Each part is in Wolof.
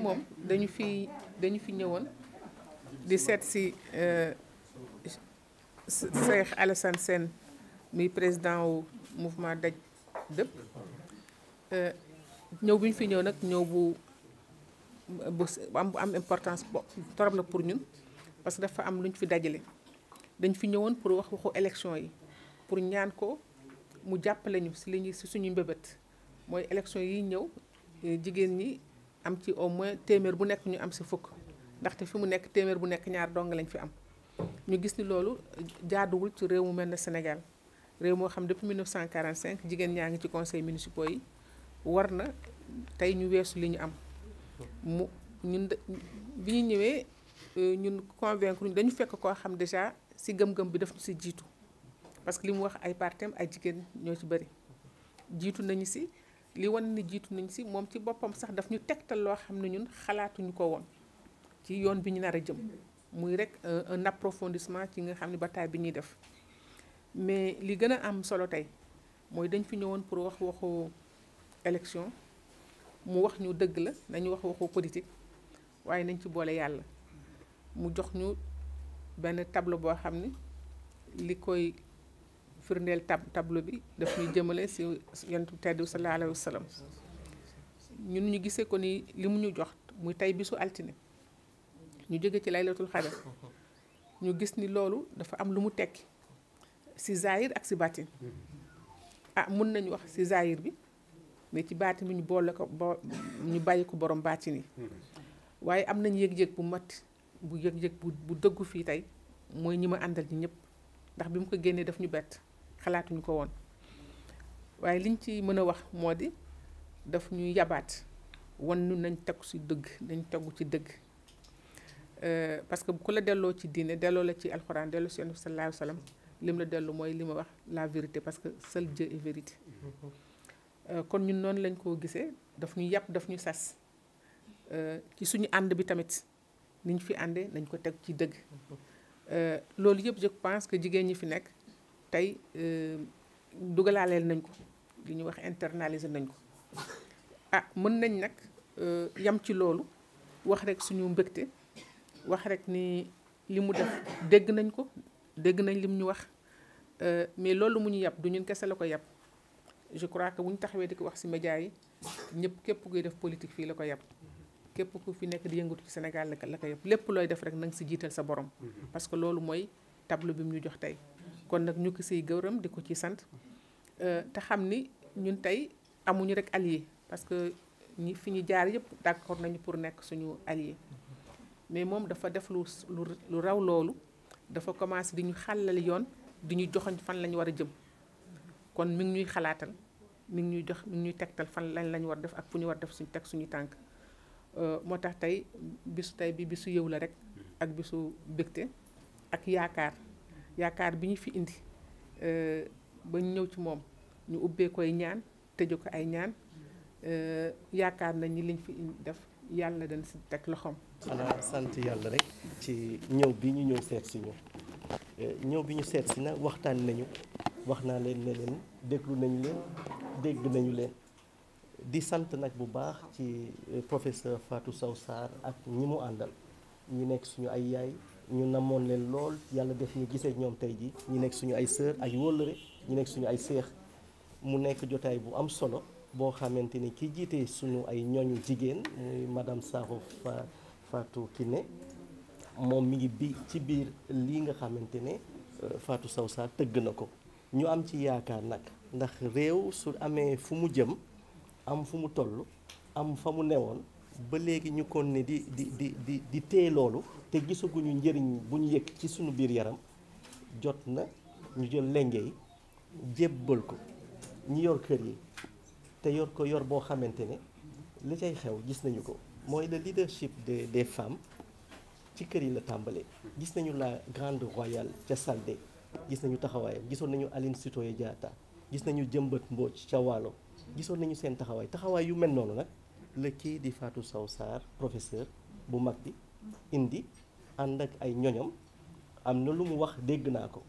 moom dañu fi dañu fi ñëwoon di seet si euh, Cheikh Alassane Sène mi président wu mouvement daj dëpp euh, ñëw bi ñu fi ñëw nag ñëw bu bu am importance bo torop na pour ñun parce que dafa am lu ñu fi dajale dañ fi ñëwoon pour wax waxu élection yi pour ñaan ko mu jàppale ñu si li ñuy si suñu mbébét mooy élection yi ñëw jigéen ñi am ci au moins téeméer bu nekk ñu am si fukk ndaxte fi mu nekk téeméer bu nekk ñaar dong lañ fi am ñu gis ni loolu jaaduwul ci réew mu mel ne Sénégal réew moo xam depuis 1945 jigéen ñaa ngi ci conseil municipaux yi war na tey ñu weesu li ñu am mu ñun bi ñu ñëwee euh, ñun convaincre ñu dañu fekk koo xam déjà si gëm-gëm bi daf ñu si jiitu parce que li mu wax ay partem ay jigéen ñoo ci bëri jiitu nañu si li wan ni jiitu nañ si moom ci boppam sax daf ñu tegtal loo xam ne ñun xalaatuñu ko woon ci yoon bi ñu nar a jëm muy rek euh, un approfondissement ci nga xam ne bataille bi ñuy def mais li gën a am solo tey mooy dañ fi ñëwoon pour wax waxu élection mu wax ñu dëgg la nañu wax waxu politique waaye nañ ci boole yàlla mu jox ñu benn tableau boo xam ni li koy firndeel tab tableau bi daf ñuy jëmale si yonent tedd sallallahu alayhi wa ñun ñu gisee ko ni li mu ñu jox muy tey bisu altine ñu jóge ci laylatul xadar ñu gis ni loolu dafa am lu mu tekki si zahir ak si baatin ah mun nañu wax si zahir bi mais ci baatin bi ñu boole ko bo ñu bàyyi ko borom baatin yi waaye am nañ yëg-yëg bu mat bu yëg-yëg bu dëggu fii tey mooy ñi ma àndal ñi ñëpp ndax bi mu ko génnee daf ñu bett xalaatuñu ko woon waaye liñ ci mën a wax moo di daf ñuy yabaat wan nu nañ tegu ci dëgg nañ tegu ci dëgg euh, parce que bu ko la delloo ci diine delloo la ci alxuraan delloo ci yonent bi sallallahu alayhi lim la dellu mooy li ma wax la vérité parce que seul Dieu euh, kon ñun noonu lañ koo gisee daf yàpp daf ñu sas euh, ci suñu ànd bi tamit niñ fi àndee nañ ko teg ci dëgg loolu yëpp je pense que jigéen ñi fi nekk tey euh, dugalaaleel nañ ko li ñu wax internaliser nañ ko ah mën nañ nag euh, yam ci loolu wax rek suñu mbëgte wax rek nii li mu def dégg nañ ko dégg nañ li mu ñu wax euh, mais loolu mu ñu yàpp du ñun kese la ko yàpp je crois que wu ñu taxawee di ko wax ci média yi ñëpp képp kuy def politique fii la ko yàpp képp ku fi nekk di yëngatu ci Sénégal la ko yàpp lépp looy def rek na si jiital sa borom mm-hmm. parce que loolu mooy table bi mu ñu jox tey kon nag ñu ko siy gërëm di ko ci sant euh, te xam ni ñun tey amuñu rek allié parce que ñi fi ñu jaar yëpp d'accord nañu pour nekk suñu allié mais moom dafa def lu raw loolu dafa commencé di ñu xàllal yoon di ñu joxoñ fan la ñu war a jëm kon mi ngi ñuy xalaatal mi ngi ñuy jox mi ngi ñuy tegtal fan lañ lañ war def ak fu ñu war def suñu teg suñu tànk euh, moo tax tey bisu tey bi bisu yëw la rek ak bisu bégte ak yaakaar yaakaar bi ñu fi indi euh, ba ñu ñëw ci moom ñu ubbee koy ñaan tëje ko ay ñaan euh, yaakaar nañ ni liñ fi def yàlla dañ si teg loxoom. xanaa sant yàlla rek ci ñëw bi ñu ñëw seet si ñu euh, ñëw bi ñu seet si nag waxtaan nañu wax naa leen ne leen déglu nañu leen déglu nañu leen di sant nag bu baax ci professeur faatu Sow saar ak ñi mu àndal ñu nekk suñu ay yaay ñu namoon leen lool yàlla def ñu gisee ñoom tey ji ñu nekk suñu ay sœur ay wóllëre ñu nekk suñu ay seex mu nekk jotaay bu am solo boo xamante ni ki jiitee suñu ay ñoñu jigéen muy madame Sakho Fatou Kiné moom mi ngi bi ci biir lii nga xamante ne euh, Fatou Sow Sarr tëgg na ko ñu am ci yaakaar nag ndax réew su amee fu mu jëm am fu mu toll am fa mu newoon ba léegi ñu kon ne di di di di di téye loolu te gisaguñu njëriñ buñu ñu ci suñu biir yaram jot na ñu jël lenge yi jébbal ko ñi yor kër yi te yor ko yor boo xamante ne li cay xew gis nañu ko mooy le leadership de des femmes ci kër yi la tàmbalee gis nañu la grande royale ca Saldé gis nañu taxawaayam gisoon nañu Aline Sitoé Diatta gis nañu jëmbat Mbodj ca Waalo gisoon nañu seen taxawaay taxawaay yu mel noonu nag la kii di Fatou saw saar professeur bu mag bi indi ànd ak ay ñoñam am na lu mu wax dégg naa ko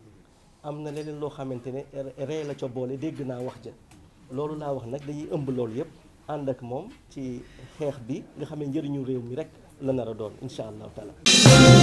am na leneen loo xamante ne er, ree la ca boole dégg naa wax ja loolu laa wax nag dañuy ëmb loolu yëpp ànd ak moom ci xeex bi nga xam ne njëriñu réew mi rek la nar a doon incha allah taala